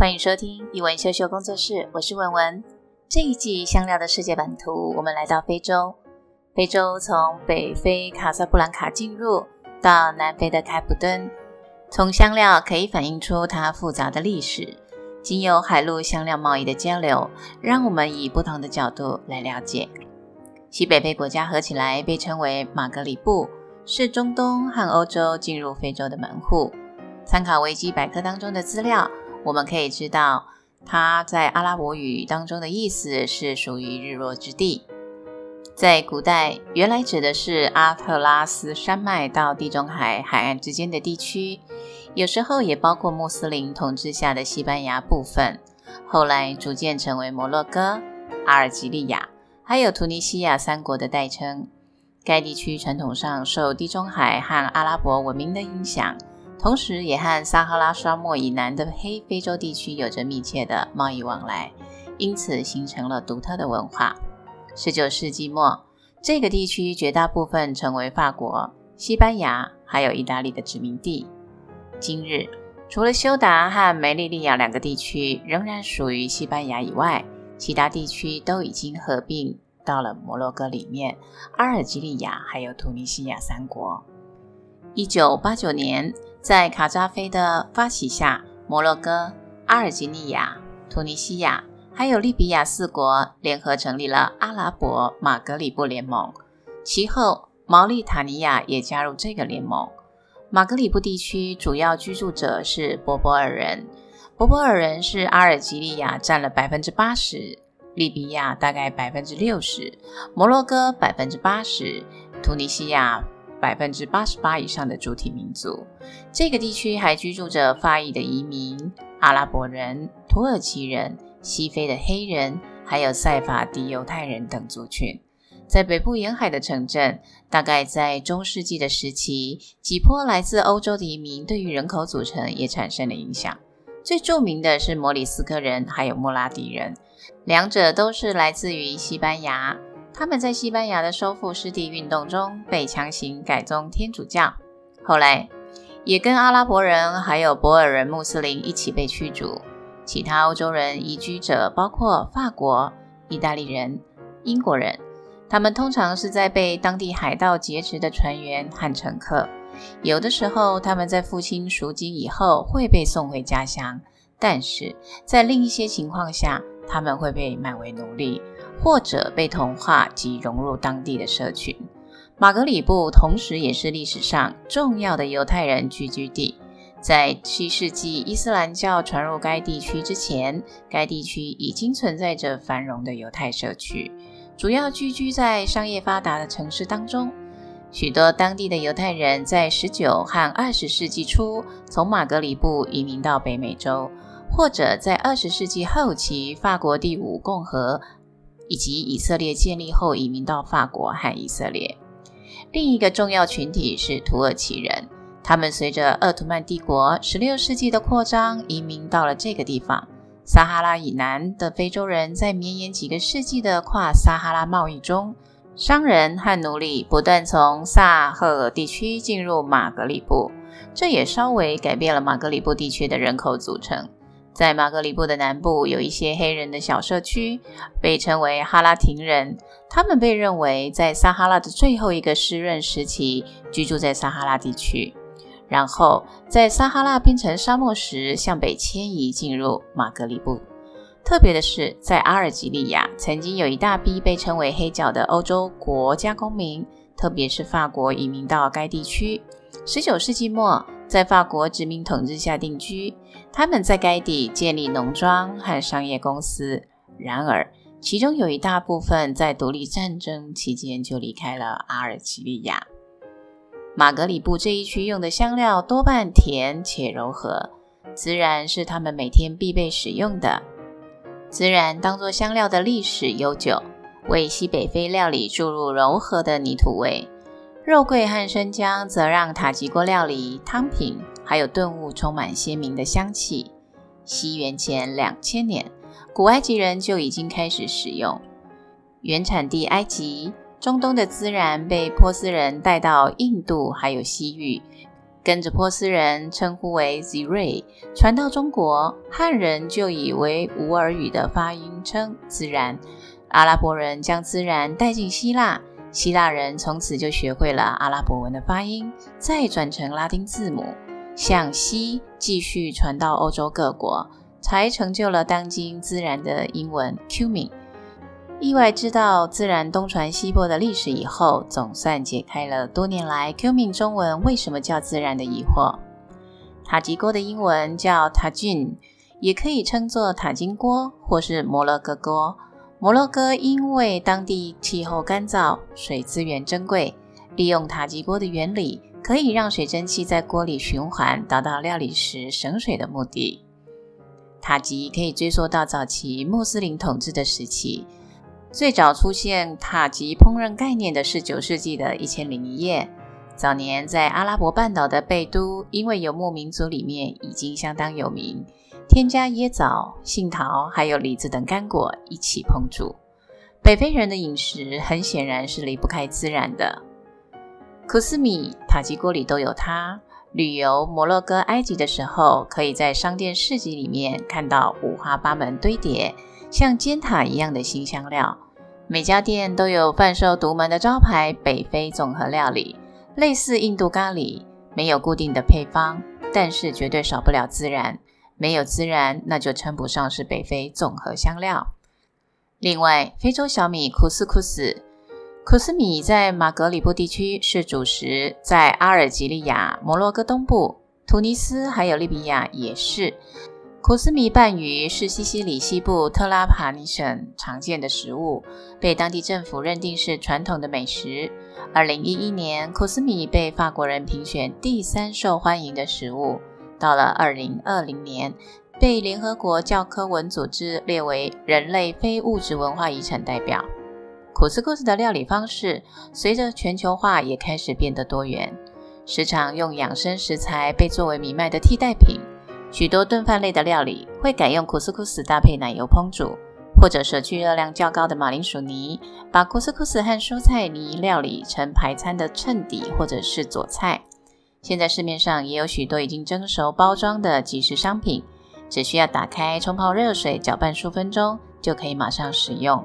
歡迎收聽一文秀秀工作室，我是文文。這一季香料的世界版圖，我們來到非洲。非洲從北非卡薩布蘭卡進入，到南非的開普敦，從香料可以反映出它複雜的歷史。經由海陸香料貿易的交流，讓我們以不同的角度來了解。西北非國家合起來被稱為馬格里布，是中東和歐洲進入非洲的門戶。參考維基百科當中的資料。我們可以知道，它在阿拉伯語當中的意思是屬於日落之地。在古代，原來指的是阿特拉斯山脈到地中海海岸之間的地區，有時候也包括穆斯林統治下的西班牙部分。後來逐漸成為摩洛哥、阿爾及利亞還有突尼西亞三國的代稱。該地區傳統上受地中海和阿拉伯文明的影響。同時，也和撒哈拉沙漠以南的黑非洲地區有着密切的貿易往來，因此形成了獨特的文化。19世紀末，這個地區絕大部分成為法國、西班牙還有意大利的殖民地。今日，除了休達和梅利利亞兩個地區仍然屬於西班牙以外，其他地區都已經合併到了摩洛哥裡面，阿爾及利亞還有突尼西亞三國。1989年。在卡扎菲的發起下，摩洛哥、阿爾及利亞、突尼西亞還有利比亞四國聯合成立了阿拉伯馬格里布聯盟。其後，毛利塔尼亞也加入這個聯盟。馬格里布地區主要居住者是柏柏爾人。柏柏爾人是阿爾及利亞占了百分之八十，利比亞大概百分之六十，摩洛哥百分之八十，突尼西亞。百分之八十八以上的主體民族，這個地區還居住着法裔的移民、阿拉伯人、土耳其人、西非的黑人，還有塞法迪猶太人等族群。在北部沿海的城鎮，大概在中世紀的時期，幾波來自歐洲的移民對於人口組成也產生了影響。最著名的是摩里斯科人，還有莫拉迪人，兩者都是來自於西班牙。他們在西班牙的收復失地運動中被強行改宗天主教，後來也跟阿拉伯人還有柏爾人穆斯林一起被驅逐。其他歐洲人移居者包括法國、意大利人、英國人。他們通常是在被當地海盜劫持的船員和乘客。有的時候，他們在付清贖金以後會被送回家鄉，但是在另一些情況下，他們會被賣為奴隸。或者被同化、及融入當地的社群。馬格里布同時也是歷史上重要的猶太人聚居地。在七世紀伊斯蘭教傳入該地區之前，該地區已經存在着繁榮的猶太社區，主要聚居在商業發達的城市當中。許多當地的猶太人在十九和二十世紀初從馬格里布移民到北美洲，或者在二十世紀後期法國第五共和。以及以色列建立後移民到法國和以色列。另一個重要群體是土耳其人，他們隨着鄂圖曼帝國十六世紀的擴張移民到了這個地方。撒哈拉以南的非洲人，在綿延幾個世紀的跨撒哈拉貿易中，商人和奴隸不斷從薩赫爾地區進入馬格里布，這也稍微改變了馬格里布地區的人口組成。在馬格里布的南部有一些黑人的小社區，被稱為哈拉廷人。他們被認為在撒哈拉的最後一個濕潤時期居住在撒哈拉地區，然後在撒哈拉變成沙漠時向北遷移進入馬格里布。特別的是，在阿爾及利亞曾經有一大批被稱為黑腳的歐洲國家公民，特別是法國移民到該地區。19世紀末，在法國殖民統治下定居，他們在該地建立農莊和商業公司。然而，其中有一大部分在獨立戰爭期間就離開了阿爾及利亞。馬格里布這一區用的香料多半甜且柔和，孜然，是他們每天必備使用的。孜然當做香料的歷史悠久，為西北非料理注入柔和的泥土味。肉桂和生薑則讓塔吉鍋料理、湯品還有燉物充滿鮮明的香氣。西元前兩千年，古埃及人就已經開始使用。原產地埃及、中東的孜然被波斯人帶到印度還有西域，跟着波斯人稱呼為 z e r a y，傳到中國，漢人就以維吾爾語的發音稱孜然。阿拉伯人將孜然帶進希臘。希臘人從此就學會了阿拉伯文的發音，再轉成拉丁字母，向西繼續傳到歐洲各國，才成就了當今自然的英文 cumin。意外知道自然東傳西播的歷史以後，總算解開了多年來 cumin 中文為什麼叫自然的疑惑。塔吉鍋的英文叫 tajine，也可以稱作塔金鍋或是摩洛哥鍋。摩洛哥因為當地氣候乾燥，水資源珍貴，利用塔吉鍋的原理可以讓水蒸氣在鍋裡循環，達到料理時省水的目的。塔吉可以追溯到早期穆斯林統治的時期，最早出現塔吉烹飪概念的是九世紀的一千零一夜。早年在阿拉伯半島的貝都，因為游牧民族裡面已經相當有名。添加椰棗、杏桃還有李子等乾果一起烹煮。北非人的飲食很顯然是離不開孜然的，庫斯米塔吉鍋裡都有它。旅遊摩洛哥、埃及的時候，可以在商店、市集裡面看到五花八門堆疊像尖塔一樣的辛香料，每家店都有販售獨門的招牌北非綜合料理，類似印度咖喱，沒有固定的配方，但是絕對少不了孜然。沒有孜然，那就稱不上是北非綜合香料。另外，非洲小米庫斯庫斯。庫斯米在馬格里布地區是主食，在阿爾及利亞、摩洛哥東部、突尼斯還有利比亞也是。庫斯米拌魚是西西里西部特拉帕尼省常見的食物，被當地政府認定是傳統的美食。二零一一年，庫斯米被法國人評選第三受歡迎的食物。到了二零二零年，被聯合國教科文組織列為人類非物質文化遺產代表。庫斯庫斯的料理方式，隨着全球化也開始變得多元，時常用養生食材被作為米麥的替代品。許多燉飯類的料理會改用庫斯庫斯搭配奶油烹煮，或者舍去熱量較高的馬鈴薯泥，把庫斯庫斯和蔬菜泥料理成排餐的襯底或者是佐菜。現在市面上也有許多已經蒸熟包裝的即食商品，只需要打開、沖泡熱水、攪拌數分鐘，就可以馬上使用。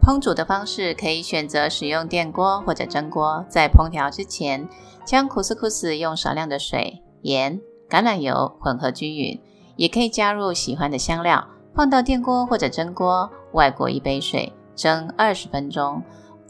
烹煮的方式可以選擇使用電鍋或者蒸鍋。在烹調之前，將庫斯庫斯用少量的水、鹽、橄欖油混合均勻，也可以加入喜歡的香料。放到電鍋或者蒸鍋，外鍋一杯水，蒸二十分鐘，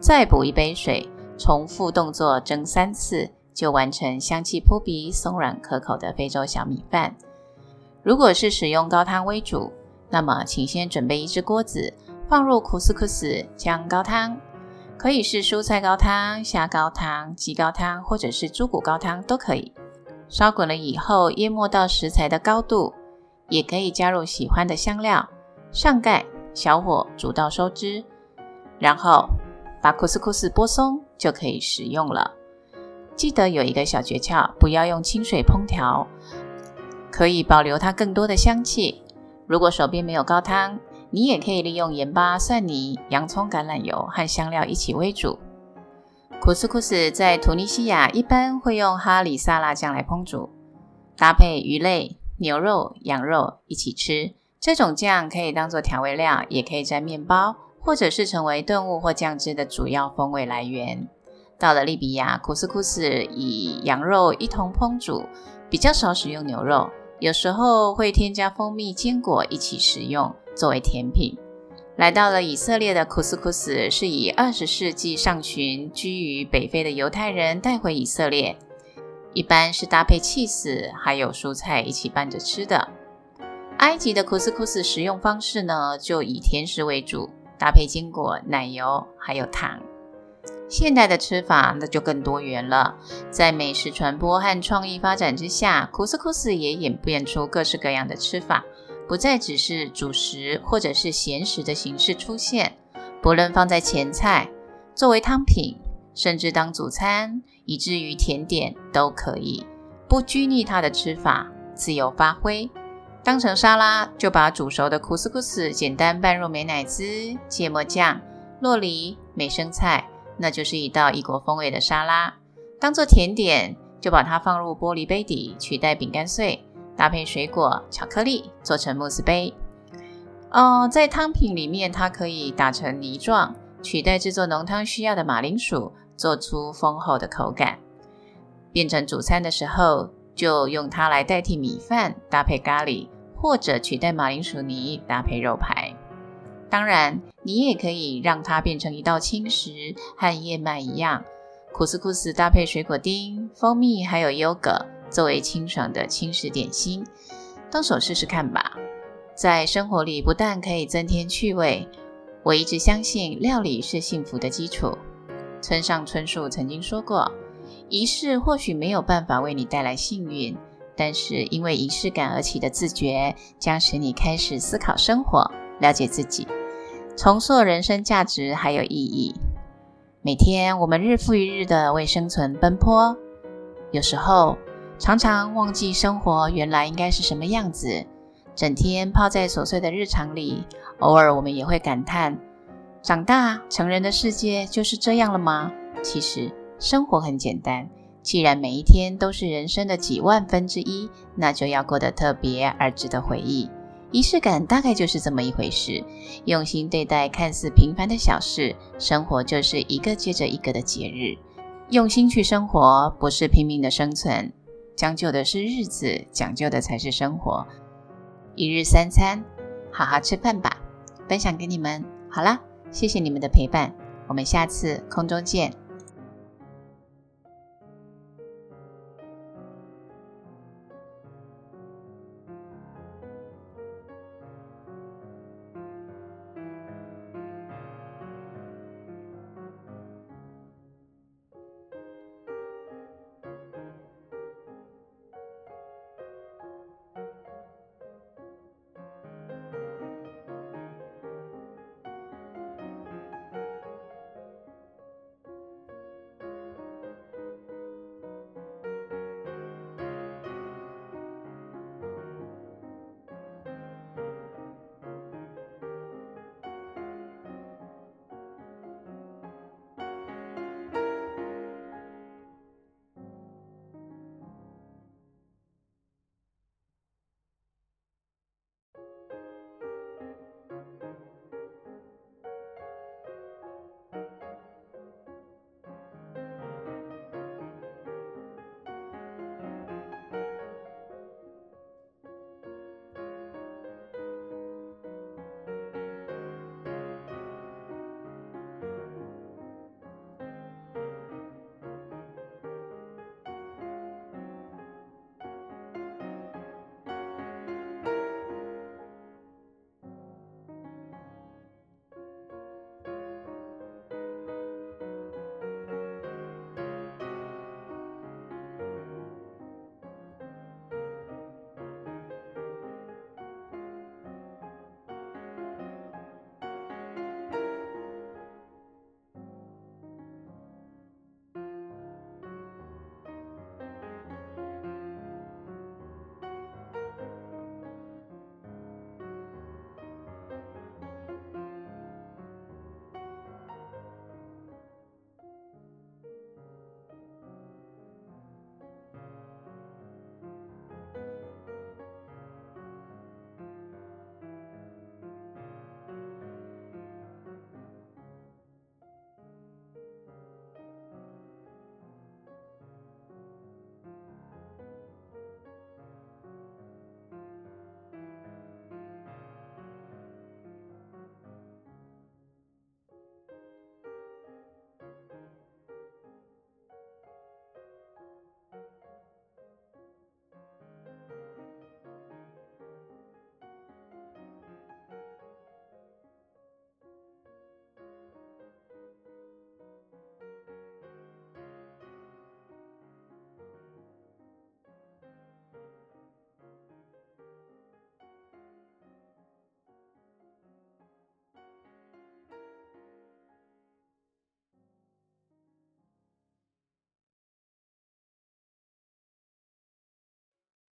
再補一杯水，重複動作蒸三次。就完成香氣撲鼻、鬆軟可口的非洲小米飯。如果是使用高湯煨煮，那麼請先準備一隻鍋子，放入庫斯庫斯，將高湯，可以是蔬菜高湯、蝦高湯、雞高湯或者是豬骨高湯都可以。燒滾了以後，淹沒到食材的高度，也可以加入喜歡的香料，上蓋，小火煮到收汁，然後把庫斯庫斯撥鬆，就可以食用了。記得有一個小訣竅，不要用清水烹調，可以保留它更多的香氣。如果手邊沒有高湯，你也可以利用鹽巴、蒜泥、洋蔥、橄欖油和香料一起煨煮。庫斯庫斯在突尼西亞一般會用哈里薩辣醬來烹煮，搭配魚類、牛肉、羊肉一起吃。這種醬可以當作調味料，也可以沾麵包，或者是成為燉物或醬汁的主要風味來源。到了利比亞，庫斯庫斯以羊肉一同烹煮，比較少使用牛肉，有時候會添加蜂蜜、堅果一起食用，作為甜品。來到了以色列的庫斯庫斯，是以二十世紀上旬居於北非的猶太人帶回以色列，一般是搭配起司還有蔬菜一起拌着吃的。埃及的庫斯庫斯食用方式呢，就以甜食為主，搭配堅果、奶油還有糖。現代的吃法那就更多元了。在美食傳播和創意發展之下，庫斯庫斯也演變出各式各樣的吃法，不再只是主食或者是鹹食的形式出現。不論放在前菜、作為湯品，甚至當主餐，以至於甜點都可以，不拘泥它的吃法，自由發揮。當成沙拉，就把煮熟的庫斯庫斯簡單拌入美乃滋、芥末醬、酪梨、美生菜。那就是一道異國風味的沙拉，當做甜點就把它放入玻璃杯底，取代餅乾碎，搭配水果、巧克力，做成慕斯杯。哦、呃，在湯品裡面它可以打成泥狀，取代製作濃湯需要的馬鈴薯，做出豐厚的口感。變成主餐的時候，就用它來代替米飯，搭配咖喱，或者取代馬鈴薯泥，搭配肉排。當然，你也可以讓它變成一道輕食，和燕麥一樣，庫斯庫斯搭配水果丁、蜂蜜還有優格，作為清爽的輕食點心，動手試試看吧。在生活裡，不但可以增添趣味，我一直相信，料理是幸福的基礎。村上春樹曾經說過：“儀式或許沒有辦法為你帶來幸運，但是因為儀式感而起的自覺，將使你開始思考生活，了解自己。”重塑人生價值還有意義。每天，我們日復一日的為生存奔波，有時候常常忘記生活原來應該是什麼樣子，整天泡在瑣碎的日常裡。偶爾，我們也會感嘆：長大成人的世界就是這樣了嗎？其實，生活很簡單。既然每一天都是人生的幾萬分之一，那就要過得特別而值得回憶。儀式感大概就是這麼一回事，用心對待看似平凡的小事，生活就是一個接着一個的節日。用心去生活，不是拼命的生存，將就的是日子，講究的才是生活。一日三餐，好好吃飯吧。分享給你們，好啦，謝謝你們的陪伴，我們下次空中見。